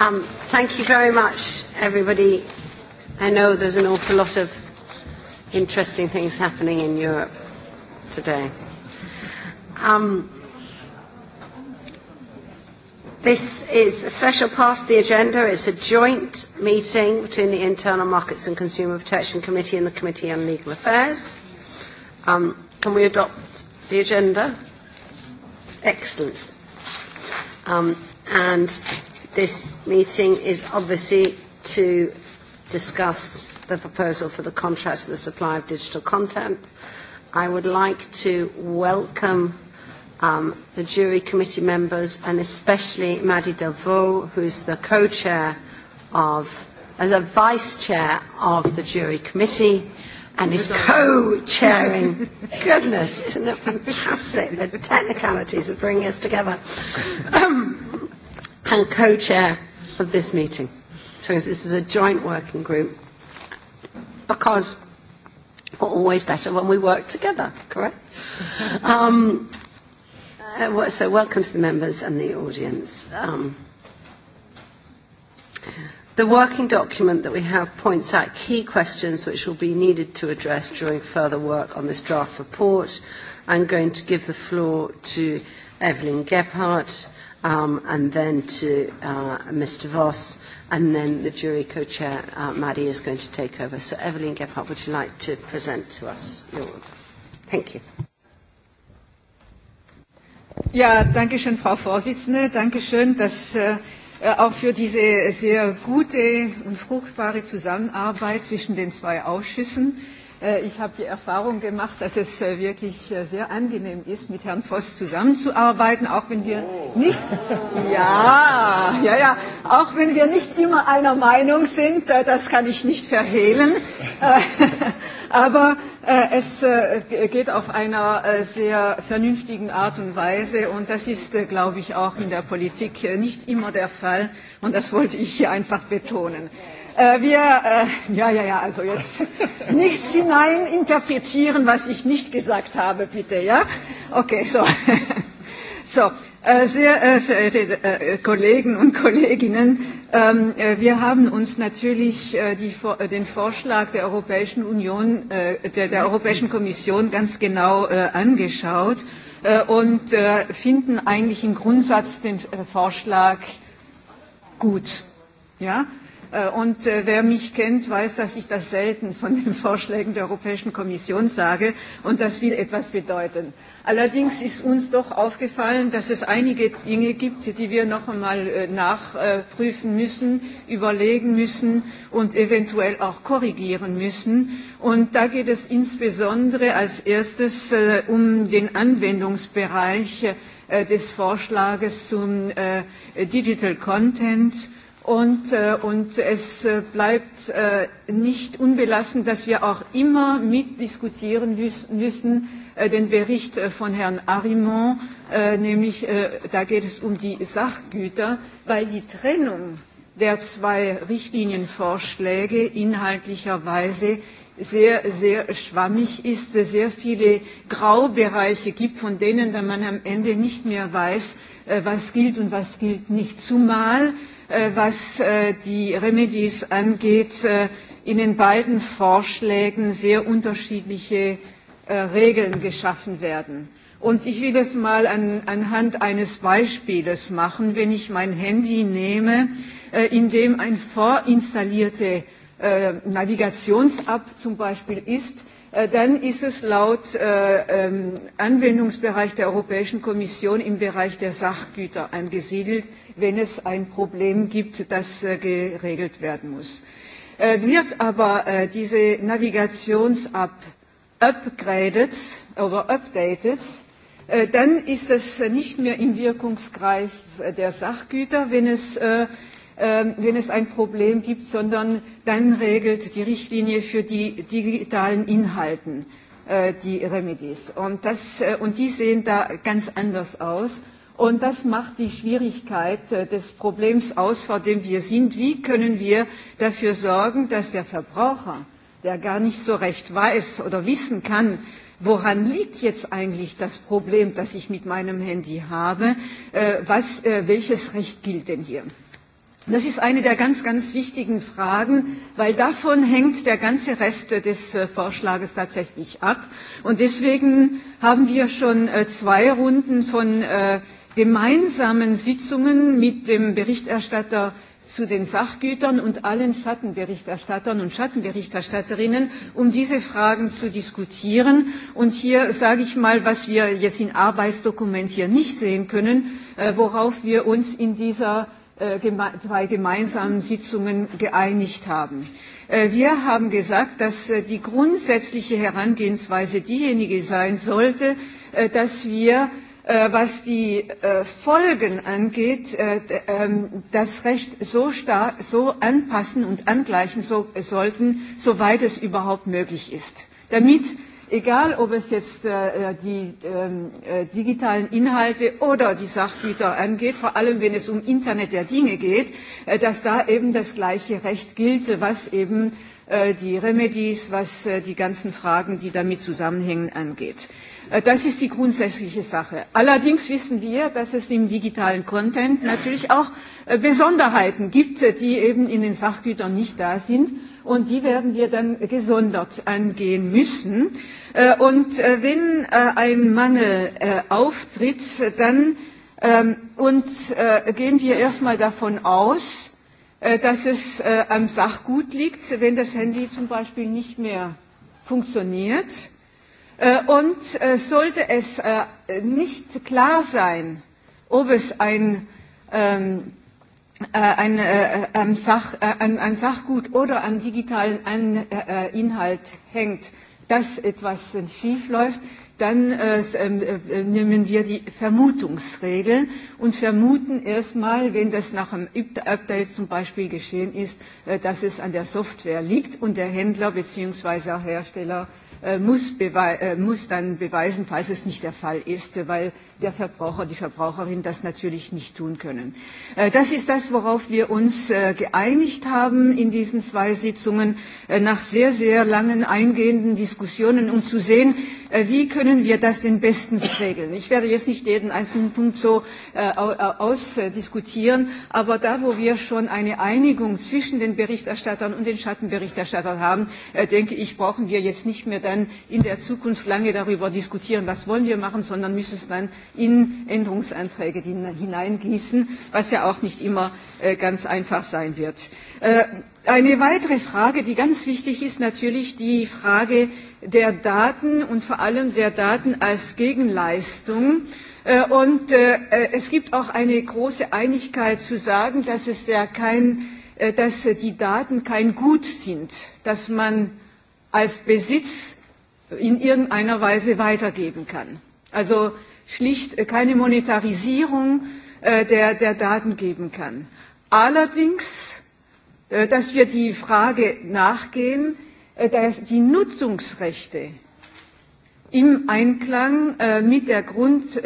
Um, thank you very much, everybody. I know there's an awful lot of interesting things happening in Europe today. Um, this is a special part of the agenda. It's a joint meeting between the Internal Markets and Consumer Protection Committee and the Committee on Legal Affairs. Um, can we adopt the agenda? Excellent. Um, and this meeting is obviously to discuss the proposal for the contracts for the supply of digital content. I would like to welcome um, the jury committee members and especially Maddie Delvaux, is the co-chair of, as a vice chair of the jury committee and is co-chairing. Goodness, isn't it fantastic the technicalities of bringing us together? Um, and co-chair of this meeting. So this is a joint working group because we're always better when we work together, correct? um, uh, so welcome to the members and the audience. Um, the working document that we have points out key questions which will be needed to address during further work on this draft report. I'm going to give the floor to Evelyn Gebhardt, um, and then to uh, Mr. Voss, and then the jury co-chair, uh, Maddie, is going to take over. So Evelyn Gephardt, would you like to present to us your... Thank you. Ja, danke schön, Frau Vorsitzende. Danke schön, dass äh, auch für diese sehr gute und fruchtbare Zusammenarbeit zwischen den zwei Ausschüssen. Äh, Äh, ich habe die Erfahrung gemacht, dass es äh, wirklich äh, sehr angenehm ist, mit Herrn Voss zusammenzuarbeiten, auch wenn wir oh. nicht, ja, ja, ja, auch wenn wir nicht immer einer Meinung sind, das kann ich nicht verhehlen. Aber es geht auf einer sehr vernünftigen Art und Weise und das ist, glaube ich, auch in der Politik nicht immer der Fall und das wollte ich hier einfach betonen. Äh, wir, äh, ja, ja, ja, also jetzt nichts hinein interpretieren, was ich nicht gesagt habe, bitte, ja? Okay, so. so, äh, sehr äh, verehrte äh, Kollegen und Kolleginnen, ähm, äh, wir haben uns natürlich äh, die, äh, den Vorschlag der Europäischen Union, äh, der, der Europäischen Kommission ganz genau äh, angeschaut äh, und äh, finden eigentlich im Grundsatz den äh, Vorschlag gut, ja? Äh, und äh, wer mich kennt, weiß, dass ich das selten von den Vorschlägen der Europäischen Kommission sage und das will etwas bedeuten. Allerdings ist uns doch aufgefallen, dass es einige Dinge gibt, die wir noch einmal äh, nachprüfen müssen, überlegen müssen und eventuell auch korrigieren müssen. Und da geht es insbesondere als erstes um den Anwendungsbereich des Vorschlages zum Digital Content Und, äh, und es äh, bleibt äh, nicht unbelassen, dass wir auch immer mitdiskutieren müssen äh, den Bericht äh, von Herrn Arimont, äh, nämlich äh, da geht es um die Sachgüter, weil die Trennung der zwei Richtlinienvorschläge inhaltlicherweise sehr, sehr schwammig ist, sehr viele Graubereiche gibt, von denen man am Ende nicht mehr weiß, äh, was gilt und was gilt nicht. Zumal Äh, was äh, die Remedies angeht, äh, in den beiden Vorschlägen sehr unterschiedliche Regeln geschaffen werden. Und ich will das mal an, anhand eines Beispieles machen, wenn ich mein Handy nehme, äh, in dem ein vorinstallierte äh, Navigations-App zum Beispiel ist, Äh, dann ist es laut äh, ähm, Anwendungsbereich der Europäischen Kommission im Bereich der Sachgüter angesiedelt, wenn es ein Problem gibt, das äh, geregelt werden muss. Äh, wird aber äh, diese Navigations-App upgraded oder updated, äh, dann ist es nicht mehr im Wirkungskreis der Sachgüter, wenn es äh, Ähm, wenn es ein Problem gibt, sondern dann regelt die Richtlinie für die digitalen Inhalten äh, die Remedies. Und, das, äh, und die sehen da ganz anders aus. Und das macht die Schwierigkeit äh, des Problems aus, vor dem wir sind. Wie können wir dafür sorgen, dass der Verbraucher, der gar nicht so recht weiß oder wissen kann, woran liegt jetzt eigentlich das Problem, das ich mit meinem Handy habe, was, welches Recht gilt denn hier? Das ist eine der ganz, ganz wichtigen Fragen, weil davon hängt der ganze Rest des äh, Vorschlages tatsächlich ab. Und deswegen haben wir schon äh, zwei Runden von äh, gemeinsamen Sitzungen mit dem Berichterstatter zu den Sachgütern und allen Schattenberichterstattern und Schattenberichterstatterinnen, um diese Fragen zu diskutieren. Und hier sage ich mal, was wir jetzt im Arbeitsdokument hier nicht sehen können, worauf wir uns in dieser drei äh, gemeinsamen Sitzungen geeinigt haben. Äh, wir haben gesagt, dass äh, die grundsätzliche Herangehensweise diejenige sein sollte, dass wir, was die Folgen angeht, ähm, das Recht so, stark, so anpassen und angleichen sollten, soweit es überhaupt möglich ist, damit egal ob es jetzt äh, äh die ähm, äh, digitalen Inhalte oder die Sachgüter angeht, vor allem wenn es um Internet der Dinge geht, äh, dass da eben das gleiche Recht gilt, was eben äh, die Remedies, was äh, die ganzen Fragen, die damit zusammenhängen, angeht. Äh, das ist die grundsätzliche Sache. Allerdings wissen wir, dass es im digitalen Content natürlich auch äh, Besonderheiten gibt, die eben in den Sachgütern nicht da sind. Und die werden wir dann gesondert angehen müssen. Äh, und äh, wenn äh, ein Mangel auftritt, dann ähm, und, gehen wir erstmal davon aus, dass es am Sachgut liegt, wenn das Handy zum Beispiel nicht mehr funktioniert. Und sollte es nicht klar sein, ob es ein, ähm, ein, ein, Sach, ein, ein Sachgut oder am digitalen Inhalt hängt, dass etwas schief läuft, dann äh, ähm, äh, nehmen wir die Vermutungsregel und vermuten erstmal, wenn das nach einem Update zum Beispiel geschehen ist, äh, dass es an der Software liegt und der Händler bzw. Hersteller äh, Äh, muss, äh, muss dann beweisen, falls es nicht der Fall ist, weil der Verbraucher, die Verbraucherin das natürlich nicht tun können. Äh, das ist das, worauf wir uns geeinigt haben in diesen zwei Sitzungen nach sehr, sehr langen eingehenden Diskussionen, um zu sehen, Äh, wie können wir das denn bestens regeln? Ich werde jetzt nicht jeden einzelnen Punkt so äh, ausdiskutieren, aber da, wo wir schon eine Einigung zwischen den Berichterstattern und den Schattenberichterstattern haben, äh, denke ich, brauchen wir jetzt nicht mehr dann in der Zukunft lange darüber diskutieren, was wollen wir machen, sondern müssen es dann in Änderungsanträge hineingießen, was ja auch nicht immer ganz einfach sein wird. Eine weitere Frage, die ganz wichtig ist, natürlich die Frage der Daten und vor allem der Daten als Gegenleistung. Äh, und äh, äh, es gibt auch eine große Einigkeit zu sagen, dass, es ja kein, dass die Daten kein Gut sind, dass man als Besitz in irgendeiner Weise weitergeben kann. Also schlicht keine Monetarisierung der, der Daten geben kann. Allerdings Äh, dass wir die Frage nachgehen, äh, dass die Nutzungsrechte im Einklang äh, mit der, Grund,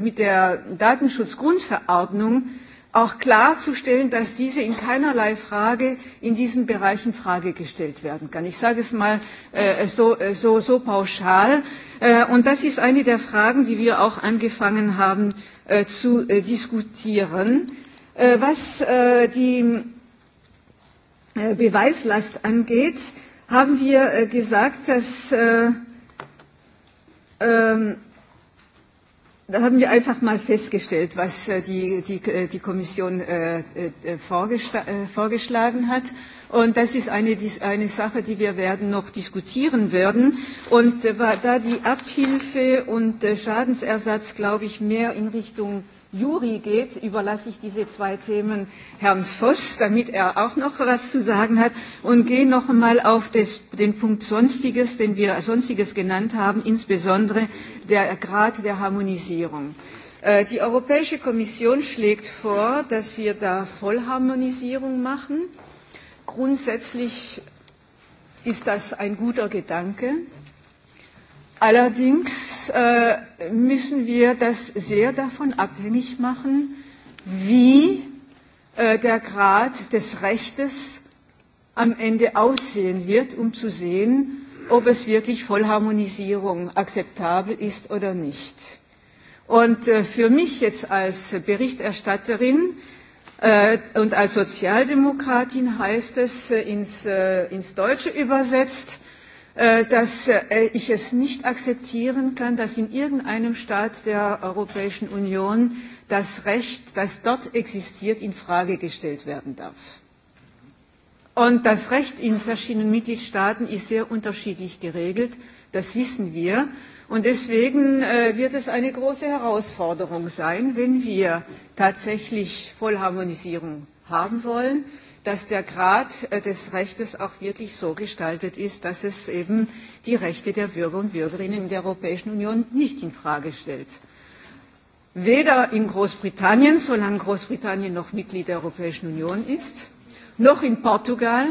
mit der Datenschutzgrundverordnung auch klarzustellen, dass diese in keinerlei Frage in diesen Bereichen Frage gestellt werden kann. Ich sage es mal äh, so, so, so pauschal. Äh, und das ist eine der Fragen, die wir auch angefangen haben äh, zu äh, diskutieren. Äh, was äh, die Äh, Beweislast angeht, haben wir äh, gesagt, dass äh, ähm, da haben wir einfach mal festgestellt, was äh, die, die, die Kommission äh, vorgeschlagen hat. Und das ist eine, eine Sache, die wir werden noch diskutieren werden. Und äh, da die Abhilfe und Schadensersatz, glaube ich, mehr in Richtung äh, Juri geht, überlasse ich diese zwei Themen Herrn Voss, damit er auch noch was zu sagen hat und gehe noch einmal auf des, den Punkt Sonstiges, den wir Sonstiges genannt haben, insbesondere der Grad der Harmonisierung. Äh, die Europäische Kommission schlägt vor, dass wir da Vollharmonisierung machen. Grundsätzlich ist das ein guter Gedanke. Allerdings äh, müssen wir das sehr davon abhängig machen, wie äh, der Grad des Rechtes am Ende aussehen wird, um zu sehen, ob es wirklich Vollharmonisierung akzeptabel ist oder nicht. Und äh, für mich jetzt als Berichterstatterin äh, und als Sozialdemokratin heißt es äh, ins, äh, ins Deutsche übersetzt, Äh, dass äh, ich es nicht akzeptieren kann, dass in irgendeinem Staat der Europäischen Union das Recht, das dort existiert, in Frage gestellt werden darf. Und das Recht in verschiedenen Mitgliedstaaten ist sehr unterschiedlich geregelt, das wissen wir. Und deswegen äh, wird es eine große Herausforderung sein, wenn wir tatsächlich Vollharmonisierung haben wollen dass der Grad äh, des Rechtes auch wirklich so gestaltet ist, dass es eben die Rechte der Bürger und Bürgerinnen in der Europäischen Union nicht in Frage stellt. Weder in Großbritannien, solange Großbritannien noch Mitglied der Europäischen Union ist, noch in Portugal,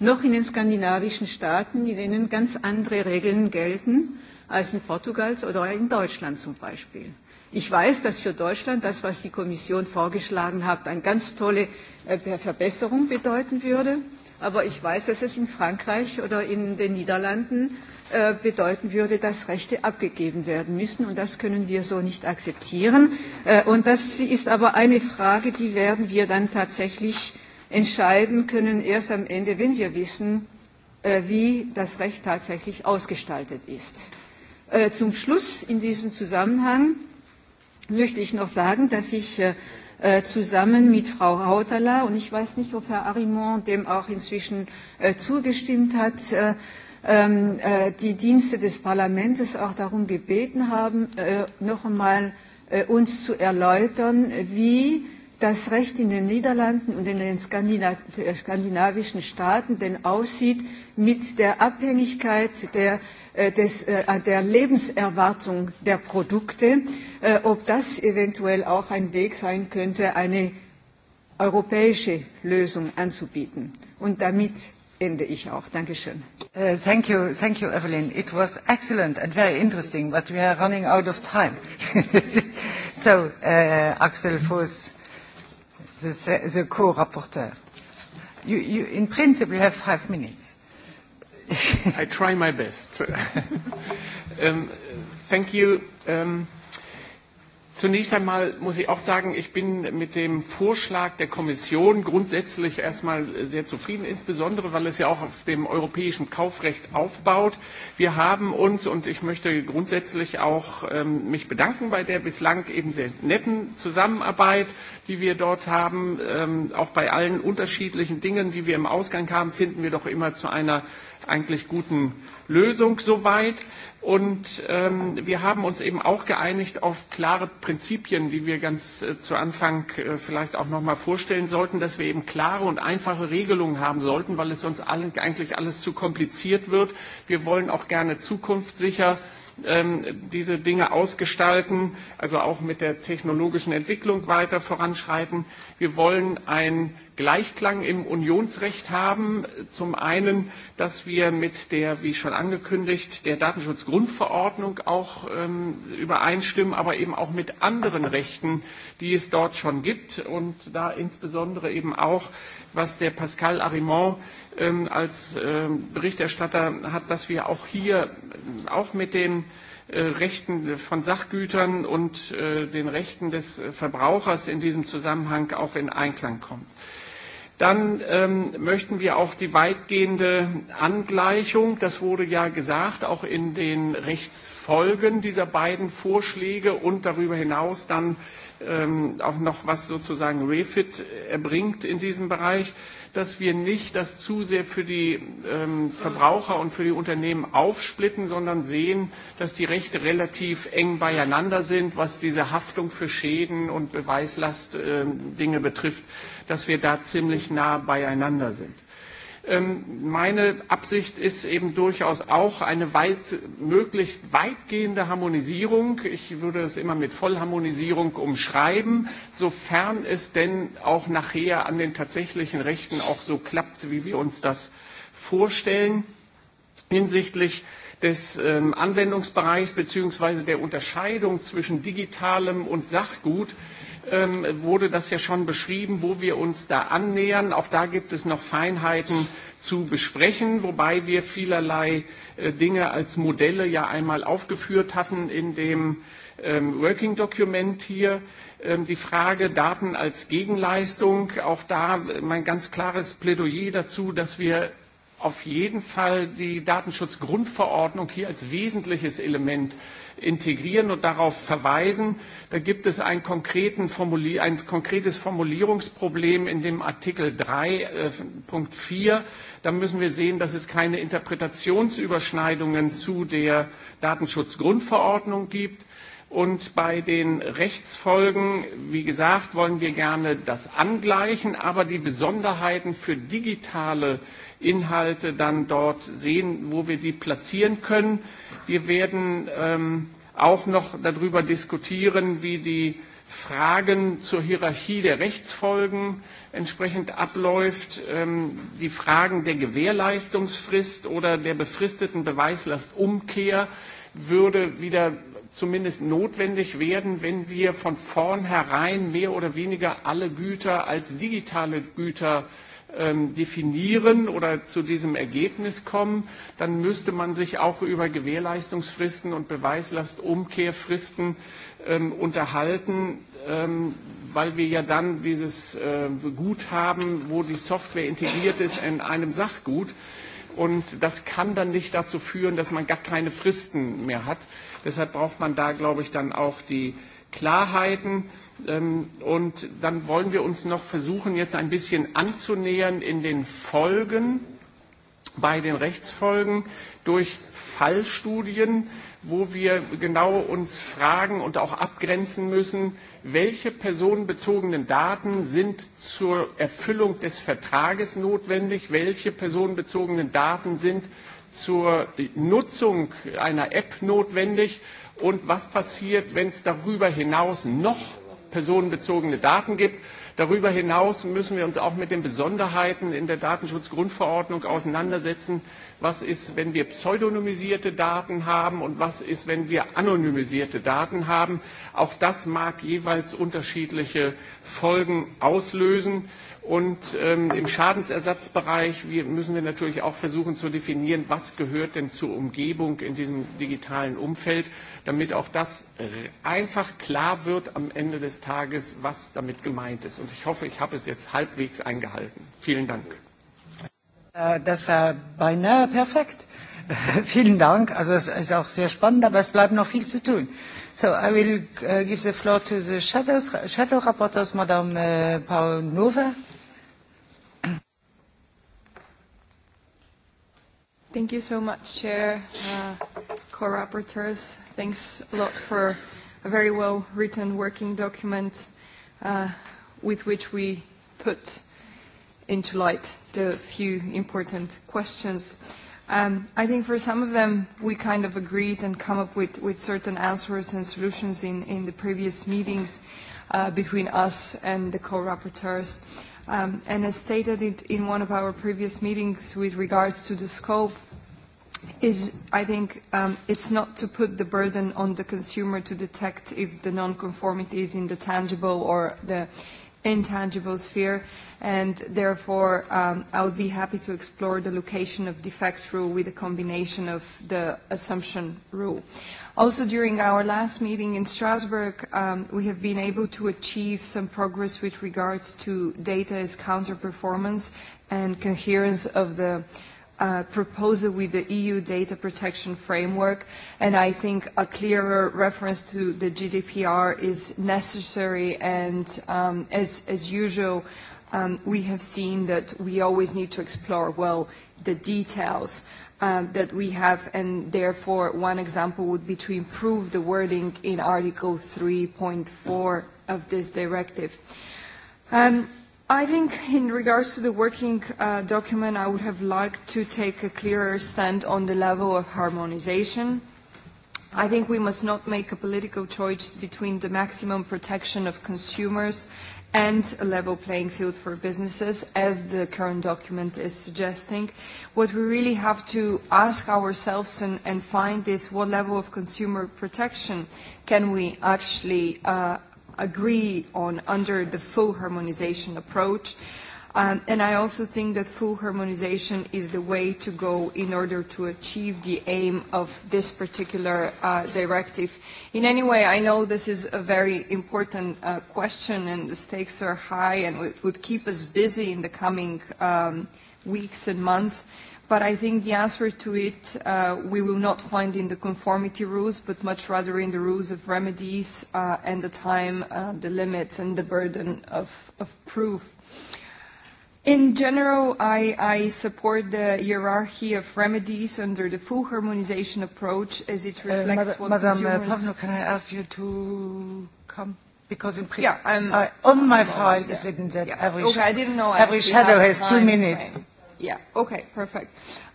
noch in den skandinavischen Staaten, in denen ganz andere Regeln gelten als in Portugal oder in Deutschland zum Beispiel. Ich weiß, dass für Deutschland das, was die Kommission vorgeschlagen hat, eine ganz tolle äh, Verbesserung bedeuten würde. Aber ich weiß, dass es in Frankreich oder in den Niederlanden äh, bedeuten würde, dass Rechte abgegeben werden müssen. Und das können wir so nicht akzeptieren. Äh, und das ist aber eine Frage, die werden wir dann tatsächlich entscheiden können, erst am Ende, wenn wir wissen, wie das Recht tatsächlich ausgestaltet ist. Zum Schluss in diesem Zusammenhang möchte ich noch sagen, dass ich äh, äh, zusammen mit Frau Hautala und ich weiß nicht, ob Herr Arimont dem auch inzwischen äh, zugestimmt hat, ähm, die Dienste des Parlaments auch darum gebeten haben, noch einmal uns zu erläutern, wie das Recht in den Niederlanden und in den skandinavischen Staaten denn aussieht mit der Abhängigkeit der Äh, des, äh, der Lebenserwartung der Produkte, äh, ob das eventuell auch ein Weg sein könnte, eine europäische Lösung anzubieten. Und damit ende ich auch. Dankeschön. Uh, thank you, thank you, Evelyn. It was excellent and very interesting, but we are running out of time. so, uh, Axel Voss, the, the co-rapporteur. You, you, in principle, you have five minutes. I try my best. um, thank you. Um, zunächst einmal muss ich auch sagen, ich bin mit dem Vorschlag der Kommission grundsätzlich erstmal sehr zufrieden, insbesondere weil es ja auch auf dem europäischen Kaufrecht aufbaut. Wir haben uns, und ich möchte grundsätzlich auch ähm, mich bedanken bei der bislang eben sehr netten Zusammenarbeit, die wir dort haben. Ähm, auch bei allen unterschiedlichen Dingen, die wir im Ausgang haben, finden wir doch immer zu einer eigentlich guten Lösung soweit. Und ähm, wir haben uns eben auch geeinigt auf klare Prinzipien, die wir ganz äh, zu Anfang äh, vielleicht auch noch mal vorstellen sollten, dass wir eben klare und einfache Regelungen haben sollten, weil es uns allen eigentlich alles zu kompliziert wird. Wir wollen auch gerne zukunftssicher ähm, diese Dinge ausgestalten, also auch mit der technologischen Entwicklung weiter voranschreiten. Wir wollen ein Gleichklang im Unionsrecht haben. Zum einen, dass wir mit der, wie schon angekündigt, der Datenschutzgrundverordnung auch ähm, übereinstimmen, aber eben auch mit anderen Rechten, die es dort schon gibt und da insbesondere eben auch, was der Pascal Arimont ähm, als ähm, Berichterstatter hat, dass wir auch hier, äh, auch mit den äh, Rechten von Sachgütern und äh, den Rechten des Verbrauchers in diesem Zusammenhang auch in Einklang kommt. Dann ähm, möchten wir auch die weitgehende Angleichung, das wurde ja gesagt, auch in den Rechtsfolgen dieser beiden Vorschläge und darüber hinaus dann äh, ähm, auch noch was sozusagen Refit erbringt in diesem Bereich, dass wir nicht das zu sehr für die ähm, Verbraucher und für die Unternehmen aufsplitten, sondern sehen, dass die Rechte relativ eng beieinander sind, was diese Haftung für Schäden und Beweislast äh, Dinge betrifft, dass wir da ziemlich nah beieinander sind. Ähm, meine Absicht ist eben durchaus auch eine weit, möglichst weitgehende Harmonisierung. Ich würde es immer mit Vollharmonisierung umschreiben, sofern es denn auch nachher an den tatsächlichen Rechten auch so klappt, wie wir uns das vorstellen. Hinsichtlich des ähm, Anwendungsbereichs bzw. der Unterscheidung zwischen digitalem und Sachgut ähm, wurde das ja schon beschrieben, wo wir uns da annähern. Auch da gibt es noch Feinheiten zu besprechen, wobei wir vielerlei äh, Dinge als Modelle ja einmal aufgeführt hatten in dem ähm, Working Document hier. Ähm, die Frage Daten als Gegenleistung, auch da mein ganz klares Plädoyer dazu, dass wir auf jeden Fall die Datenschutzgrundverordnung hier als wesentliches Element integrieren und darauf verweisen. Da gibt es ein, konkreten Formulier ein konkretes Formulierungsproblem in dem Artikel 3.4. Äh, da müssen wir sehen, dass es keine Interpretationsüberschneidungen zu der Datenschutzgrundverordnung gibt. Und bei den Rechtsfolgen, wie gesagt, wollen wir gerne das angleichen, aber die Besonderheiten für digitale Inhalte dann dort sehen, wo wir die platzieren können. Wir werden ähm, auch noch darüber diskutieren, wie die Fragen zur Hierarchie der Rechtsfolgen entsprechend abläuft, ähm, die Fragen der Gewährleistungsfrist oder der befristeten Beweislastumkehr würde wieder zumindest notwendig werden, wenn wir von vornherein mehr oder weniger alle Güter als digitale Güter ähm, definieren oder zu diesem Ergebnis kommen, dann müsste man sich auch über Gewährleistungsfristen und Beweislastumkehrfristen ähm, unterhalten, ähm, weil wir ja dann dieses äh, haben, wo die Software integriert ist, in einem Sachgut, und das kann dann nicht dazu führen, dass man gar keine Fristen mehr hat. Deshalb braucht man da, glaube ich, dann auch die Klarheiten. Ähm, und dann wollen wir uns noch versuchen, jetzt ein bisschen anzunähern in den Folgen, bei den Rechtsfolgen durch Fallstudien wo wir genau uns fragen und auch abgrenzen müssen, welche personenbezogenen Daten sind zur Erfüllung des Vertrages notwendig, welche personenbezogenen Daten sind zur Nutzung einer App notwendig und was passiert, wenn es darüber hinaus noch personenbezogene Daten gibt. Darüber hinaus müssen wir uns auch mit den Besonderheiten in der Datenschutzgrundverordnung auseinandersetzen. Was ist, wenn wir pseudonymisierte Daten haben und was ist, wenn wir anonymisierte Daten haben? Auch das mag jeweils unterschiedliche Folgen auslösen. Und ähm, im Schadensersatzbereich müssen wir natürlich auch versuchen zu definieren, was gehört denn zur Umgebung in diesem digitalen Umfeld, damit auch das einfach klar wird am Ende des Tages, was damit gemeint ist. Und ich hoffe, ich habe es jetzt halbwegs eingehalten. Vielen Dank. Äh, das war beinahe perfekt. Vielen Dank. Also es ist auch sehr spannend, aber es bleibt noch viel zu tun. So I will uh, give the floor to the shadows, shadow rapporteurs, Madame uh, Paul Nova. Thank you so much, Chair, uh, co-rapporteurs. Thanks a lot for a very well-written working document uh, with which we put into light the few important questions. Um, I think for some of them we kind of agreed and come up with, with certain answers and solutions in, in the previous meetings uh, between us and the co-rapporteurs. Um, and as stated in, in one of our previous meetings with regards to the scope, is, I think, um, it's not to put the burden on the consumer to detect if the nonconformity is in the tangible or the intangible sphere, and therefore um, I would be happy to explore the location of defect rule with a combination of the assumption rule. Also, during our last meeting in Strasbourg, um, we have been able to achieve some progress with regards to data as counter-performance and coherence of the uh, proposal with the EU data protection framework, and I think a clearer reference to the GDPR is necessary, and um, as, as usual, um, we have seen that we always need to explore, well, the details um, that we have, and therefore one example would be to improve the wording in Article 3.4 of this directive. Um, I think in regards to the working uh, document, I would have liked to take a clearer stand on the level of harmonization. I think we must not make a political choice between the maximum protection of consumers and a level playing field for businesses, as the current document is suggesting. What we really have to ask ourselves and, and find is what level of consumer protection can we actually uh, agree on under the full harmonization approach. Um, and I also think that full harmonization is the way to go in order to achieve the aim of this particular uh, directive. In any way, I know this is a very important uh, question and the stakes are high and it would keep us busy in the coming um, weeks and months. But I think the answer to it uh, we will not find in the conformity rules, but much rather in the rules of remedies uh, and the time, uh, the limits and the burden of, of proof. In general, I, I support the hierarchy of remedies under the full harmonization approach as it uh, reflects uh, what Madame uh, consumers... Madame Pavlo, can I ask you to come? Because in pre yeah, I'm, I, on my file it's is written that yeah. every, okay, I didn't know every shadow has time, two minutes. Right. Yeah, okay, perfect.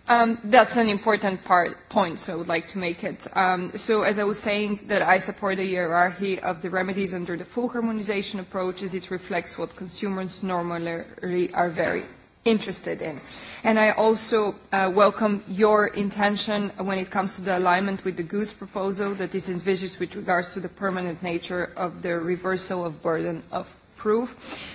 Um, that's an important part, point, so I would like to make it. Um, so as I was saying, that I support the hierarchy of the remedies under the full harmonization approach as it reflects what consumers normally are very interested in. And I also uh, welcome your intention when it comes to the alignment with the Goose proposal that is envisaged with regards to the permanent nature of the reversal of burden of improve.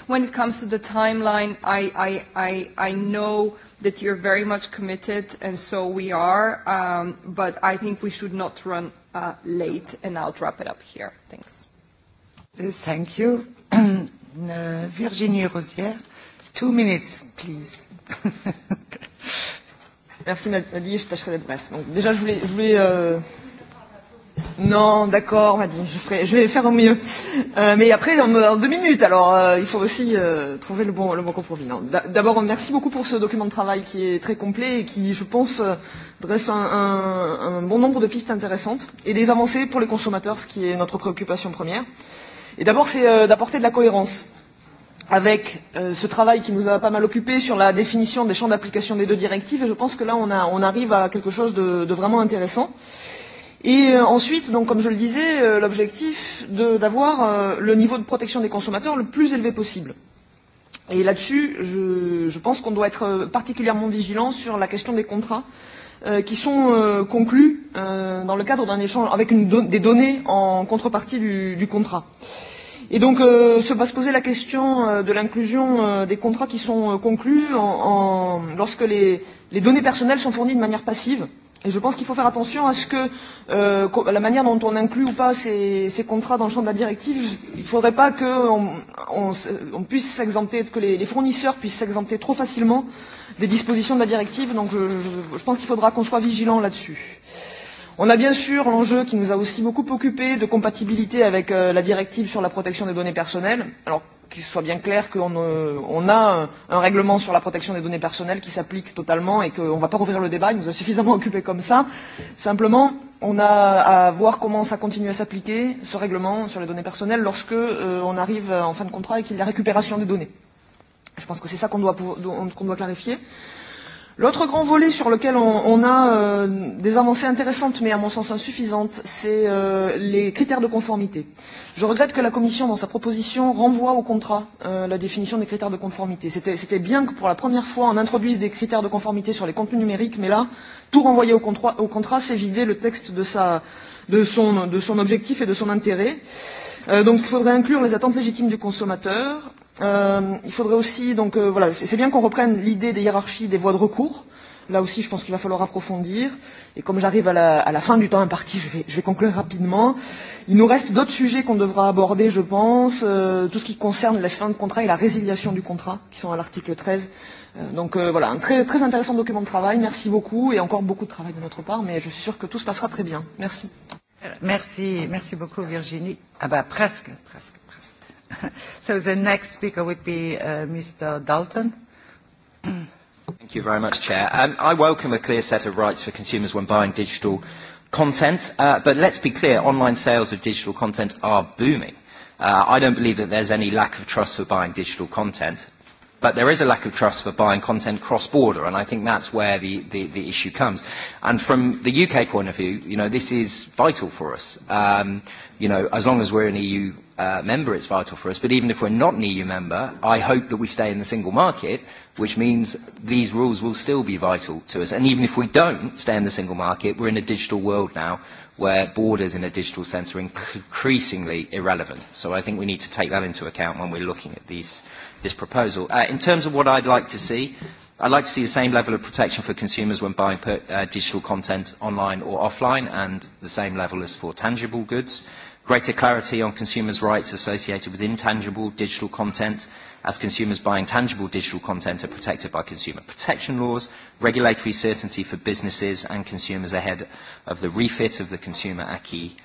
When it comes to the timeline, I, I, I, I know that you're very much committed, and so we are, um, but I think we should not run uh, late, and I'll wrap it up here. Thanks. Uh, thank you. uh, Virginie Rosière, two minutes, please. Merci Nadia, je tâcherai d'être bref. Donc, déjà, je voulais, je voulais euh, Non, d'accord, je, ferai, je vais faire au mieux. Euh, mais après, en, en deux minutes, alors euh, il faut aussi euh, trouver le bon, le bon compromis. D'abord, merci beaucoup pour ce document de travail qui est très complet et qui, je pense, euh, dresse un, un, un bon nombre de pistes intéressantes et des avancées pour les consommateurs, ce qui est notre préoccupation première. Et d'abord, c'est euh, d'apporter de la cohérence avec euh, ce travail qui nous a pas mal occupé sur la définition des champs d'application des deux directives. Et je pense que là, on, a, on arrive à quelque chose de, de vraiment intéressant. Et euh, ensuite, donc, comme je le disais, euh, l'objectif d'avoir euh, le niveau de protection des consommateurs le plus élevé possible. Et là-dessus, je, je pense qu'on doit être euh, particulièrement vigilant sur la question des contrats euh, qui sont euh, conclus euh, dans le cadre d'un échange avec une don des données en contrepartie du, du contrat. Et donc euh, se va se poser la question euh, de l'inclusion euh, des contrats qui sont euh, conclus en, en, lorsque les, les données personnelles sont fournies de manière passive euh, Et je pense qu'il faut faire attention à ce que euh, la manière dont on inclut ou pas ces, ces contrats dans le champ de la directive, il ne faudrait pas qu'on on, on puisse s'exempter, que les, les fournisseurs puissent s'exempter trop facilement des dispositions de la directive. Donc je, je, je pense qu'il faudra qu'on soit vigilant là-dessus. On a bien sûr l'enjeu qui nous a aussi beaucoup occupé de compatibilité avec euh, la directive sur la protection des données personnelles. Alors qu'il soit bien clair qu'on euh, on a un, un règlement sur la protection des données personnelles qui s'applique totalement et qu'on ne va pas rouvrir le débat, il nous a suffisamment occupé comme ça. Simplement, on a à voir comment ça continue à s'appliquer, ce règlement sur les données personnelles, lorsque euh, on arrive en fin de contrat et qu'il y a récupération des données. Je pense que c'est ça qu'on doit, qu doit clarifier. Euh, L'autre grand volet sur lequel on, on a euh, des avancées intéressantes mais à mon sens insuffisantes, c'est euh, les critères de conformité. Je regrette que la Commission, dans sa proposition, renvoie au contrat euh, la définition des critères de conformité. C'était bien que pour la première fois, on introduise des critères de conformité sur les contenus numériques, mais là, tout renvoyer au contrat, au contrat c'est vider le texte de, sa, de, son, de son objectif et de son intérêt. Euh, donc il faudrait inclure les attentes légitimes du consommateur, Euh, il faudrait aussi, donc euh, voilà, c'est bien qu'on reprenne l'idée des hiérarchies des voies de recours. Là aussi, je pense qu'il va falloir approfondir. Et comme j'arrive à la, à la fin du temps imparti, je vais, je vais conclure rapidement. Il nous reste d'autres sujets qu'on devra aborder, je pense. Euh, tout ce qui concerne la fin de contrat et la résiliation du contrat, qui sont à l'article 13. Euh, donc euh, voilà, un très, très intéressant document de travail. Merci beaucoup. Et encore beaucoup de travail de notre part, mais je suis sûre que tout se passera très bien. Merci. Merci, merci beaucoup Virginie. Ah bah presque, presque. so the next speaker would be uh, Mr. Dalton. Thank you very much, Chair. Um, I welcome a clear set of rights for consumers when buying digital content, uh, but let's be clear, online sales of digital content are booming. Uh, I don't believe that there's any lack of trust for buying digital content, but there is a lack of trust for buying content cross-border, and I think that's where the, the, the issue comes. And from the UK point of view, you know, this is vital for us. Um, you know, as long as we're an EU uh, member, it's vital for us. But even if we're not an EU member, I hope that we stay in the single market, which means these rules will still be vital to us. And even if we don't stay in the single market, we're in a digital world now where borders in a digital sense are increasingly irrelevant. So I think we need to take that into account when we're looking at these, this proposal. Uh, in terms of what I'd like to see, I'd like to see the same level of protection for consumers when buying per, uh, digital content online or offline and the same level as for tangible goods greater clarity on consumers' rights associated with intangible digital content, as consumers buying tangible digital content are protected by consumer protection laws, regulatory certainty for businesses and consumers ahead of the refit of the Consumer Acquis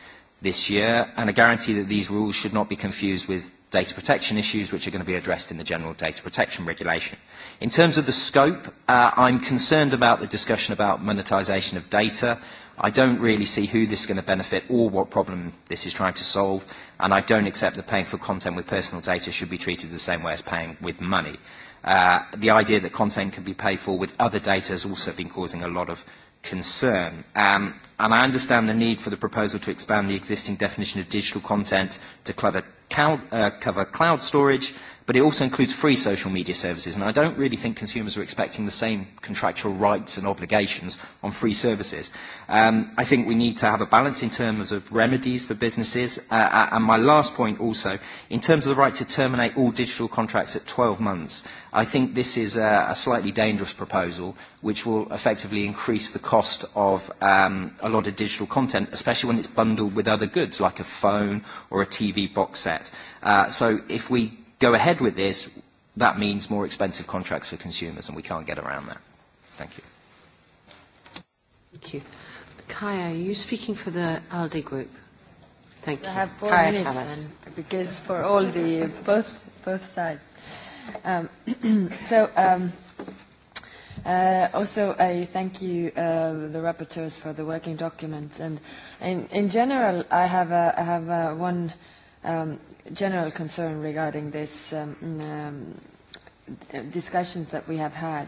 this year, and a guarantee that these rules should not be confused with data protection issues which are going to be addressed in the General Data Protection Regulation. In terms of the scope, uh, I'm concerned about the discussion about monetization of data I don't really see who this is going to benefit or what problem this is trying to solve, and I don't accept that paying for content with personal data should be treated the same way as paying with money. Uh, the idea that content can be paid for with other data has also been causing a lot of concern. Um, and I understand the need for the proposal to expand the existing definition of digital content to cover, cloud, uh, cover cloud storage, but it also includes free social media services, and I don't really think consumers are expecting the same contractual rights and obligations on free services. Um, I think we need to have a balance in terms of remedies for businesses, uh, uh and my last point also, in terms of the right to terminate all digital contracts at 12 months, I think this is a, a slightly dangerous proposal, which will effectively increase the cost of um, a lot of digital content, especially when it's bundled with other goods, like a phone or a TV box set. Uh, so if we go ahead with this, that means more expensive contracts for consumers, and we can't get around that. Thank you. Thank you. Kaya, are you speaking for the ALDE group? Thank you. I have four Kaya minutes Thomas. then, because for all the, both, both sides. Um, so, um, uh, also I thank you, uh, the rapporteurs, for the working document. And in, in general, I have, a, I have a one um, general concern regarding this um, mm, um, discussions that we have had.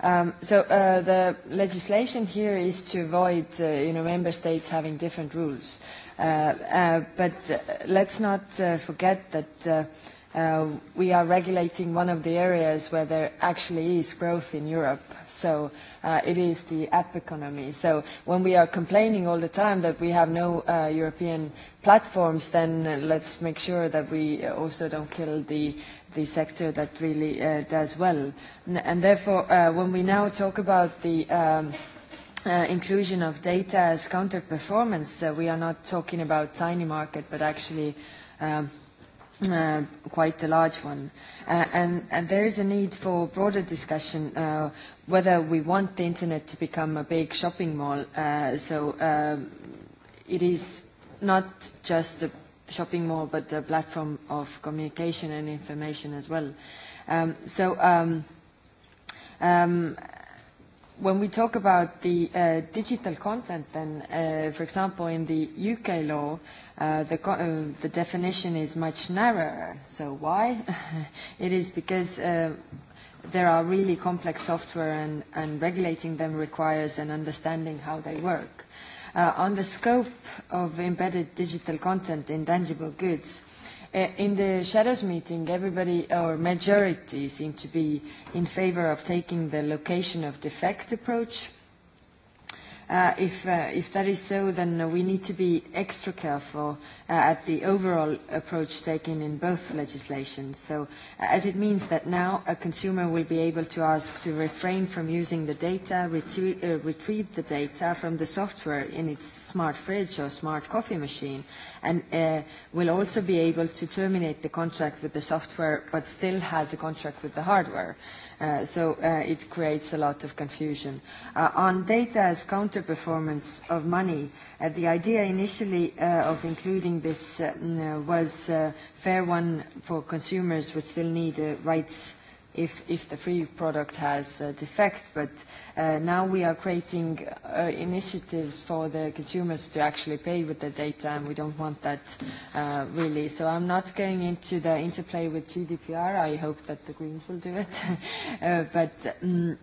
Um, so uh, the legislation here is to avoid, uh, you know, member states having different rules. Uh, uh, but uh, let's not uh, forget that uh, uh, we are regulating one of the areas where there actually is growth in Europe. So uh, it is the app economy. So when we are complaining all the time that we have no uh, European platforms, then uh, let's make sure that we also don't kill the the sector that really uh, does well. and therefore, uh, when we now talk about the um, Uh, inclusion of data as counter performance, uh, we are not talking about tiny market, but actually um, uh, quite a large one. Uh, and, and there is a need for broader discussion uh, whether we want the internet to become a big shopping mall. Uh, so um, it is not just a shopping mall, but a platform of communication and information as well. Um, so um, um, when we talk about the uh, digital content, then, uh, for example, in the UK law, uh, the, co uh, the definition is much narrower. So why? it is because uh, there are really complex software and, and regulating them requires an understanding how they work. Uh, on the scope of embedded digital content in tangible goods, uh, Uh, in the shadows meeting, everybody or majority seemed to be in favor of taking the location of defect approach Uh, if, uh, if that is so, then we need to be extra careful uh, at the overall approach taken in both legislations. So uh, as it means that now a consumer will be able to ask to refrain from using the data, retrieve, uh, retrieve the data from the software in its smart fridge or smart coffee machine, and uh, will also be able to terminate the contract with the software but still has a contract with the hardware. Uh, Uh, so uh, it creates a lot of confusion. Uh, on data as counter-performance of money, uh, the idea initially uh, of including this uh, was a uh, fair one for consumers who still need a uh, rights if, if the free product has a defect. But uh, now we are creating uh, initiatives for the consumers to actually pay with the data, and we don't want that uh, really. So I'm not going into the interplay with GDPR. I hope that the Greens will do it. uh, but... Um,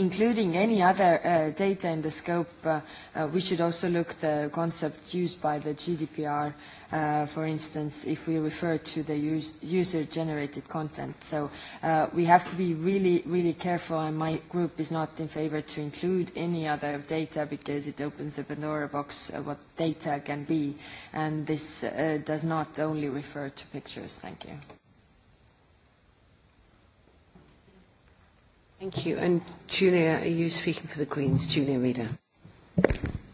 including any other uh, data in the scope, uh, uh, we should also look the concept used by the GDPR uh, for instance, if we refer to the use user-generated content. So uh, we have to be really, really careful, and my group is not in favor to include any other data because it opens up a Pandora box uh, what data can be, and this uh, does not only refer to pictures. Thank you. Thank you. And Julia, are you speaking for the Greens? Julia Reader.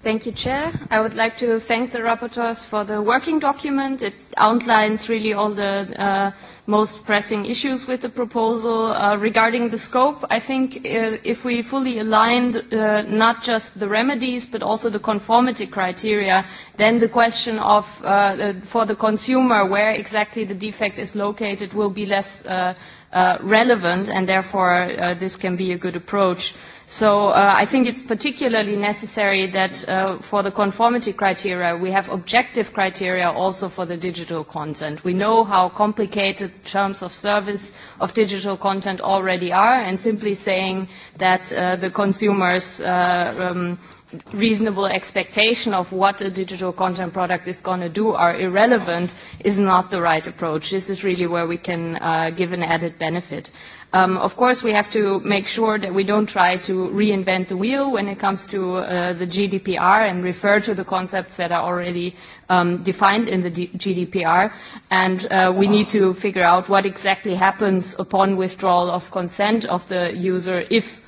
Thank you, Chair. I would like to thank the rapporteurs for the working document. It outlines really all the uh, most pressing issues with the proposal. Uh, regarding the scope, I think uh, if we fully align uh, not just the remedies but also the conformity criteria, then the question of uh, for the consumer where exactly the defect is located will be less uh, uh, relevant and therefore uh, this can be a good approach. So uh, I think it's particularly necessary that uh, for the conformity criteria, we have objective criteria also for the digital content. We know how complicated the terms of service of digital content already are, and simply saying that uh, the consumers uh, um, reasonable expectation of what a digital content product is going to do are irrelevant is not the right approach. This is really where we can uh, give an added benefit. Um, of course, we have to make sure that we don't try to reinvent the wheel when it comes to uh, the GDPR and refer to the concepts that are already um, defined in the D GDPR. And uh, we need to figure out what exactly happens upon withdrawal of consent of the user if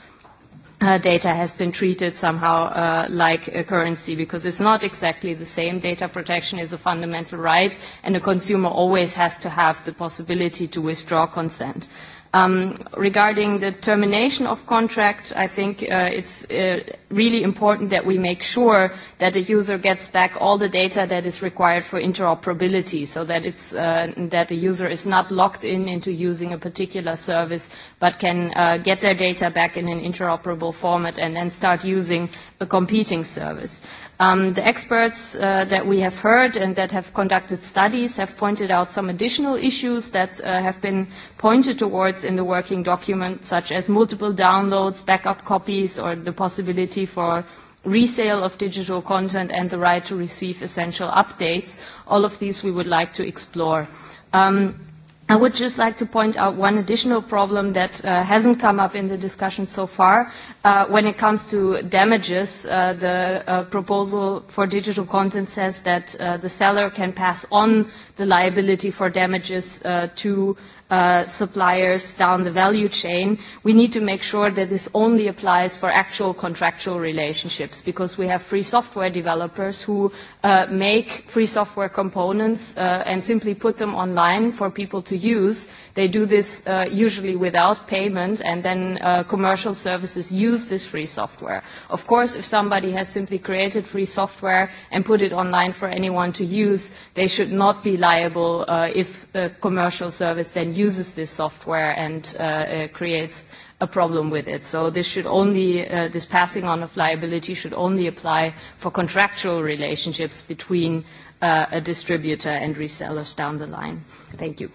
uh, data has been treated somehow uh, like a currency because it's not exactly the same. Data protection is a fundamental right and a consumer always has to have the possibility to withdraw consent. Um, regarding the termination of contract, I think uh, it's uh, really important that we make sure that the user gets back all the data that is required for interoperability so that, it's, uh, that the user is not locked in into using a particular service but can uh, get their data back in an interoperable format and then start using a competing service. Um, the experts uh, that we have heard and that have conducted studies have pointed out some additional issues that uh, have been pointed towards in the working document, such as multiple downloads, backup copies, or the possibility for resale of digital content and the right to receive essential updates. All of these we would like to explore. Um, I would just like to point out one additional problem that uh, hasn't come up in the discussion so far. Uh, when it comes to damages, uh, the uh, proposal for digital content says that uh, the seller can pass on the liability for damages uh, to uh, Uh, suppliers down the value chain, we need to make sure that this only applies for actual contractual relationships because we have free software developers who uh, make free software components uh, and simply put them online for people to use. They do this uh, usually without payment and then uh, commercial services use this free software. Of course, if somebody has simply created free software and put it online for anyone to use, they should not be liable uh, if the commercial service then uses this software and uh, uh, creates a problem with it. So this should only, uh, this passing on of liability should only apply for contractual relationships between uh, a distributor and resellers down the line. Thank you.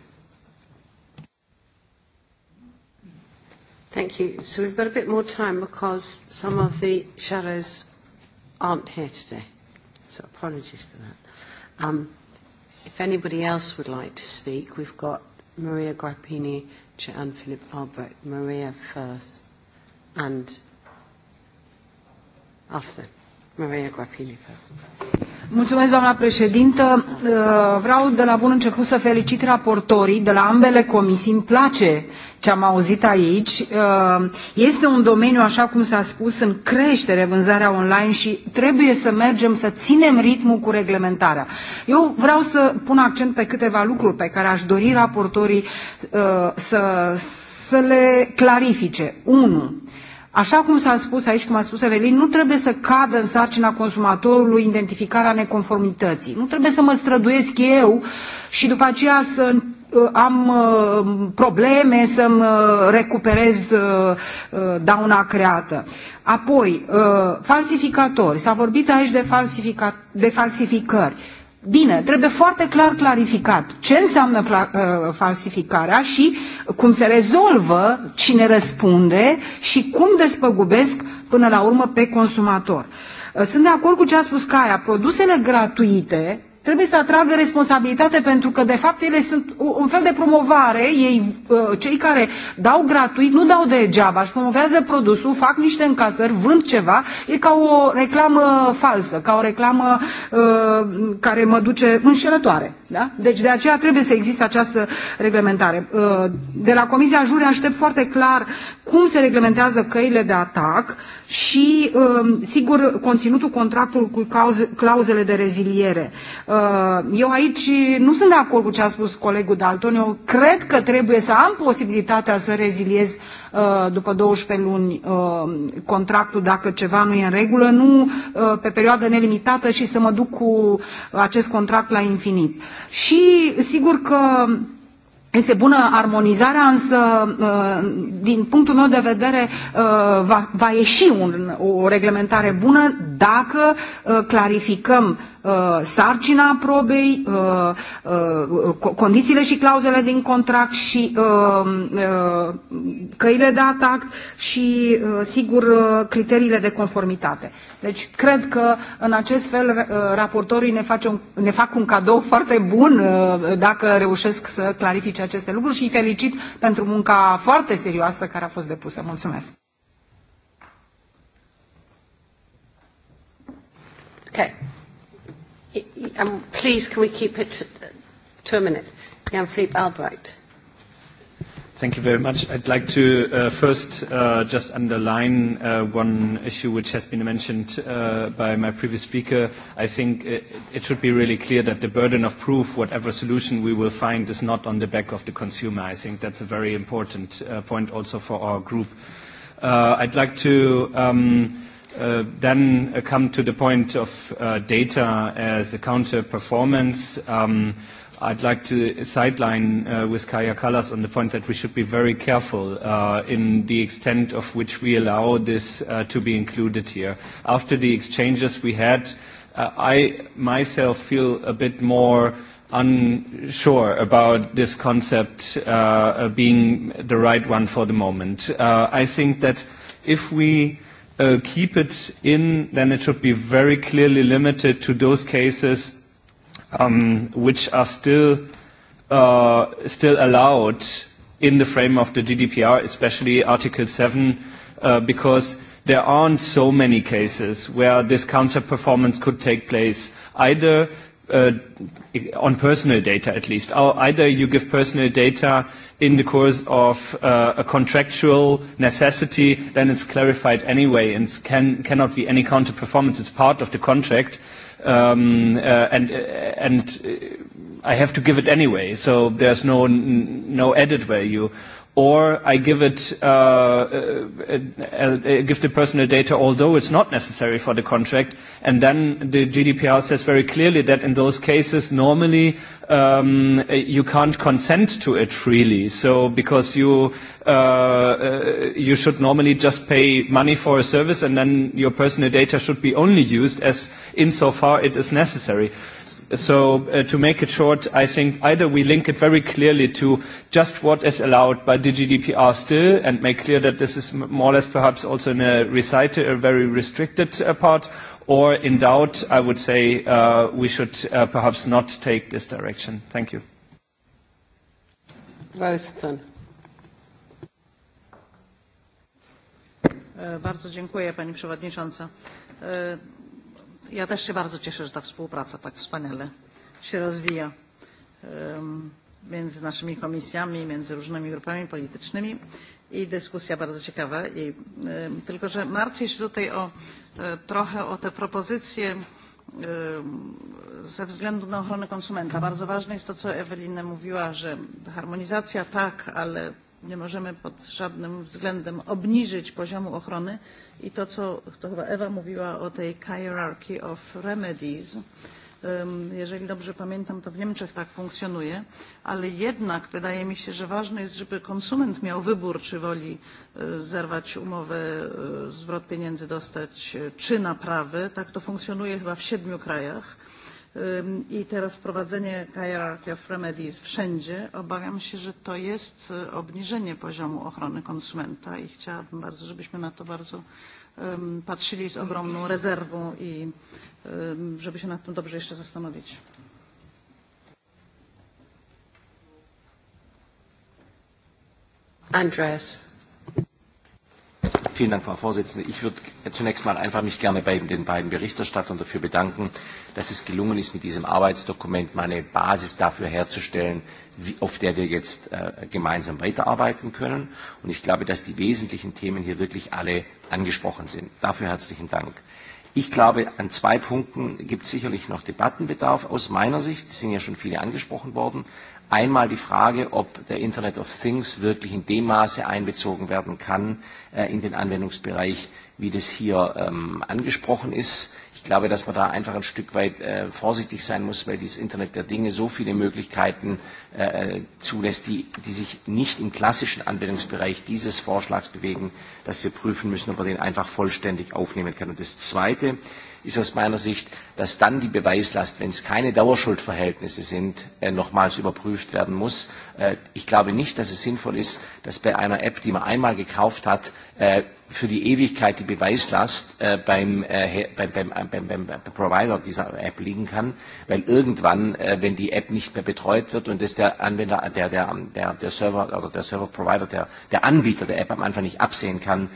Thank you. So we've got a bit more time because some of the shadows aren't here today. So apologies for that. Um, if anybody else would like to speak, we've got Maria Grappini to Anne Philip Albrecht. Maria first and after. Mulțumesc, doamna președintă. Vreau de la bun început să felicit raportorii de la ambele comisii. Îmi place ce am auzit aici. Este un domeniu, așa cum s-a spus, în creștere vânzarea online și trebuie să mergem să ținem ritmul cu reglementarea. Eu vreau să pun accent pe câteva lucruri pe care aș dori raportorii să, să le clarifice. Unu, Așa cum s-a spus aici, cum a spus Evelin, nu trebuie să cadă în sarcina consumatorului identificarea neconformității. Nu trebuie să mă străduiesc eu și după aceea să uh, am uh, probleme să-mi uh, recuperez dauna creată. Apoi, falsificatori. S-a vorbit aici de, falsifica, de falsificări. Bine, trebuie foarte clar clarificat ce înseamnă uh, falsificarea și cum se rezolvă, cine răspunde și cum despăgubesc până la urmă pe consumator. Uh, sunt de acord cu ce a spus Caia, produsele gratuite trebuie să atragă responsabilitate pentru că, de fapt, ele sunt un fel de promovare. Ei, uh, cei care dau gratuit, nu dau degeaba, își promovează produsul, fac niște încasări, vând ceva. E ca o reclamă falsă, ca o reclamă uh, care mă duce înșelătoare. Da? Deci de aceea trebuie să existe această reglementare. Uh, de la Comisia Jure aștept foarte clar cum se reglementează căile de atac și, um, sigur, conținutul contractului cu clauzele de reziliere. Uh, eu aici nu sunt de acord cu ce a spus colegul Dalton. Eu cred că trebuie să am posibilitatea să reziliez uh, după 12 luni contractul dacă ceva nu e în regulă, nu pe perioadă nelimitată și să mă duc cu acest contract la infinit. Și sigur că Este bună armonizarea, însă, uh, din punctul meu de vedere, uh, va, va ieși un, o reglementare bună dacă uh, clarificăm Uh, sarcina probei, uh, uh, condițiile și clauzele din contract și căile de atac și, sigur, criteriile de conformitate. Deci, cred că în acest fel raportorii ne, face un, ne fac un cadou foarte bun dacă reușesc să clarifice aceste lucruri și îi felicit pentru munca foarte serioasă care a fost depusă. Mulțumesc! Okay um, please, can we keep it to, to a minute? Jan Philippe Albright. Thank you very much. I'd like to uh, first uh, just underline uh, one issue which has been mentioned uh, by my previous speaker. I think it, it should be really clear that the burden of proof, whatever solution we will find, is not on the back of the consumer. I think that's a very important uh, point also for our group. Uh, I'd like to um, Uh, then uh, come to the point of uh, data as a counter performance. Um, I'd like to sideline uh, with Kaya Kallas on the point that we should be very careful uh, in the extent of which we allow this uh, to be included here. After the exchanges we had, uh, I myself feel a bit more unsure about this concept uh, being the right one for the moment. Uh, I think that if we uh, keep it in, then it should be very clearly limited to those cases um, which are still, uh, still allowed in the frame of the GDPR, especially Article 7, uh, because there aren't so many cases where this counter-performance could take place. Either uh, on personal data at least. Either you give personal data in the course of uh, a contractual necessity, then it's clarified anyway and can, cannot be any counter-performance. It's part of the contract um, uh, and, uh, and uh, I have to give it anyway, so there's no, n no added value or I give it, uh, uh, uh, uh, give the personal data, although it's not necessary for the contract, and then the GDPR says very clearly that in those cases, normally um, you can't consent to it freely. So because you uh, uh, you should normally just pay money for a service, and then your personal data should be only used as insofar it is necessary. So uh, to make it short, I think either we link it very clearly to just what is allowed by the GDPR still and make clear that this is more or less perhaps also in a recital, a very restricted uh, part, or in doubt, I would say uh, we should uh, perhaps not take this direction. Thank you. E, bardzo dziękuję Pani Przewodnicząca. E, Ja też się bardzo cieszę, że ta współpraca tak wspaniale się rozwija między naszymi komisjami, między różnymi grupami politycznymi i dyskusja bardzo ciekawa. I, tylko, że martwię się tutaj o, e, trochę o te propozycje ze względu na ochronę konsumenta. Bardzo ważne jest to, co Ewelina mówiła, że harmonizacja tak, ale nie możemy pod żadnym względem obniżyć poziomu ochrony i to, co to chyba Ewa mówiła o tej hierarchy of remedies, jeżeli dobrze pamiętam, to w Niemczech tak funkcjonuje, ale jednak wydaje mi się, że ważne jest, żeby konsument miał wybór, czy woli zerwać umowę, zwrot pieniędzy dostać, czy naprawy. Tak to funkcjonuje chyba w siedmiu krajach i teraz wprowadzenie hierarchy of remedies wszędzie, obawiam się, że to jest obniżenie poziomu ochrony konsumenta i chciałabym bardzo, żebyśmy na to bardzo patrzyli z ogromną rezerwą i żeby się nad tym dobrze jeszcze zastanowić. Andreas. Vielen Dank, Frau Vorsitzende. Ich würde zunächst mal einfach mich gerne bei den beiden Berichterstattern dafür bedanken, dass es gelungen ist, mit diesem Arbeitsdokument mal eine Basis dafür herzustellen, wie, auf der wir jetzt äh, gemeinsam weiterarbeiten können. Und ich glaube, dass die wesentlichen Themen hier wirklich alle angesprochen sind. Dafür herzlichen Dank. Ich glaube, an zwei Punkten gibt es sicherlich noch Debattenbedarf aus meiner Sicht. Es sind ja schon viele angesprochen worden. Einmal die Frage, ob der Internet of Things wirklich in dem Maße einbezogen werden kann äh, in den Anwendungsbereich, wie das hier ähm, angesprochen ist. Ich glaube, dass man da einfach ein Stück weit äh, vorsichtig sein muss, weil dieses Internet der Dinge so viele Möglichkeiten äh, äh, zulässt, die, die sich nicht im klassischen Anwendungsbereich dieses Vorschlags bewegen, dass wir prüfen müssen, ob man den einfach vollständig aufnehmen kann. Und das Zweite ist aus meiner Sicht, dass dann die Beweislast, wenn es keine Dauerschuldverhältnisse sind, äh, nochmals überprüft werden muss. Äh, ich glaube nicht, dass es sinnvoll ist, dass bei einer App, die man einmal gekauft hat, äh, für die Ewigkeit die Beweislast beim, beim, beim, beim, beim Provider dieser App liegen kann, weil irgendwann, wenn die App nicht mehr betreut wird und das der Anwender, der, der, der, der Server oder der Server-Provider, der, der Anbieter der App am Anfang nicht absehen kann,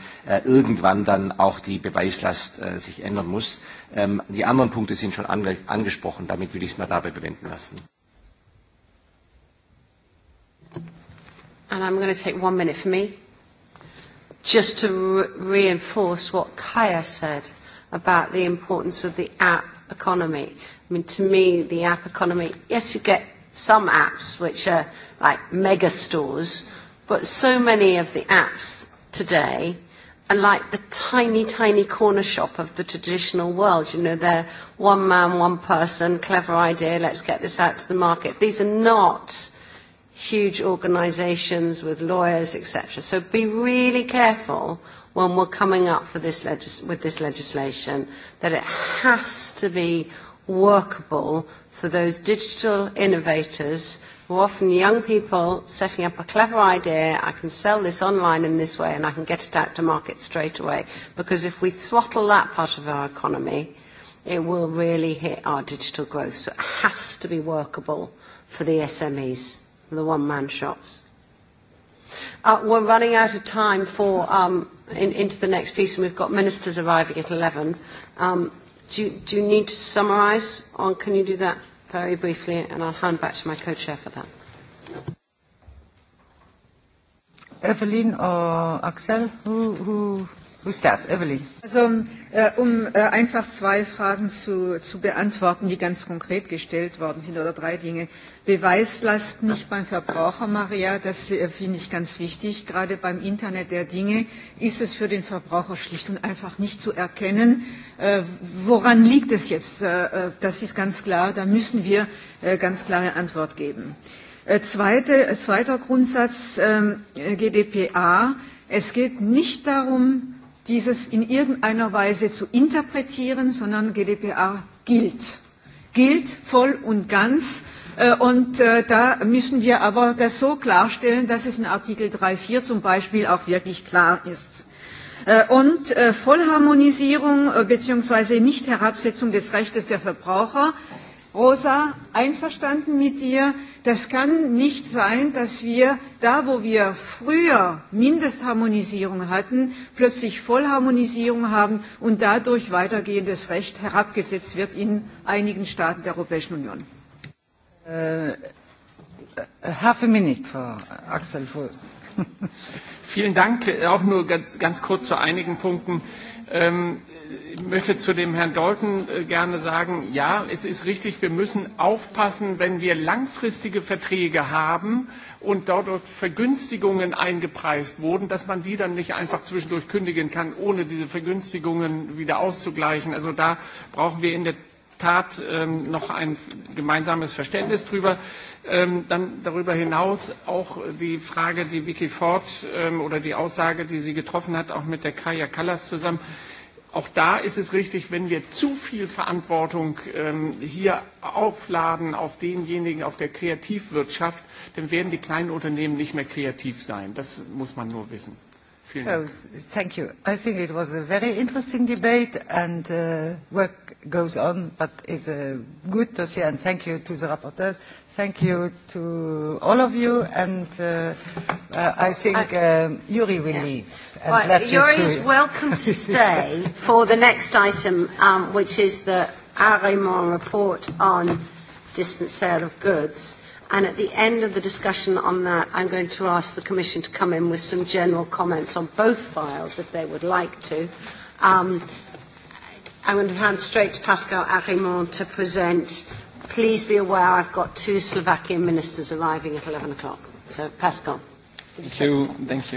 irgendwann dann auch die Beweislast sich ändern muss. Ähm, die anderen Punkte sind schon ange angesprochen. Damit will ich es mal dabei bewenden lassen. And I'm going to take one minute for me just to re reinforce what Kaya said about the importance of the app economy. I mean, to me, the app economy, yes, you get some apps which are like mega stores, but so many of the apps today and like the tiny, tiny corner shop of the traditional world. You know, they're one man, one person, clever idea, let's get this out to the market. These are not huge organisations with lawyers, etc. So be really careful when we're coming up for this legis with this legislation that it has to be workable for those digital innovators We're often young people setting up a clever idea, I can sell this online in this way and I can get it out to market straight away. Because if we throttle that part of our economy, it will really hit our digital growth. So it has to be workable for the SMEs, the one-man shops. Uh, we're running out of time for um, in, into the next piece, and we've got ministers arriving at 11. Um, do, you, do you need to summarise, or can you do that? very briefly, and I'll hand back to my co-chair for that. Evelyn or Axel, who, who Who Evelyn. Also, äh, um äh, einfach zwei Fragen zu, zu beantworten, die ganz konkret gestellt worden sind, oder drei Dinge. Beweislast nicht beim Verbraucher, Maria, das äh, finde ich ganz wichtig. Gerade beim Internet der Dinge ist es für den Verbraucher schlicht und einfach nicht zu erkennen, woran liegt es jetzt. das ist ganz klar, da müssen wir ganz klare Antwort geben. zweite, zweiter Grundsatz, ähm, GDPR. Es geht nicht darum, dieses in irgendeiner Weise zu interpretieren, sondern GDPR gilt. Gilt voll und ganz. Äh, und äh, da müssen wir aber das so klarstellen, dass es in Artikel 3.4 zum Beispiel auch wirklich klar ist. Äh, und Vollharmonisierung bzw. Nichtherabsetzung des Rechts der Verbraucher Rosa, einverstanden mit dir, das kann nicht sein, dass wir da, wo wir früher Mindestharmonisierung hatten, plötzlich Vollharmonisierung haben und dadurch weitergehendes Recht herabgesetzt wird in einigen Staaten der Europäischen Union. Uh, half a minute for Axel Fuss. Vielen Dank, auch nur ganz kurz zu einigen Punkten. Ähm, ich möchte zu dem Herrn Dalton äh, gerne sagen, ja, es ist richtig, wir müssen aufpassen, wenn wir langfristige Verträge haben und dort Vergünstigungen eingepreist wurden, dass man die dann nicht einfach zwischendurch kündigen kann, ohne diese Vergünstigungen wieder auszugleichen. Also da brauchen wir in der Tat ähm, noch ein gemeinsames Verständnis drüber. Ähm, dann darüber hinaus auch die Frage, die Vicky Ford ähm, oder die Aussage, die sie getroffen hat, auch mit der Kaya Kallas zusammen. Auch da ist es richtig, wenn wir zu viel Verantwortung ähm, hier aufladen auf denjenigen, auf der Kreativwirtschaft, dann werden die kleinen Unternehmen nicht mehr kreativ sein. Das muss man nur wissen. So, thank you. I think it was a very interesting debate and uh, work goes on, but it's a good dossier and thank you to the rapporteurs. Thank you to all of you and uh, uh, I think um, Yuri will yeah. leave. And Yuri is welcome to stay for the next item, um, which is the Arimon report on distant sale of goods. And at the end of the discussion on that, I'm going to ask the Commission to come in with some general comments on both files, if they would like to. Um, I'm going to hand straight to Pascal Arimont to present. Please be aware I've got two Slovakian ministers arriving at 11 o'clock. So, Pascal. Thank you. Thank you.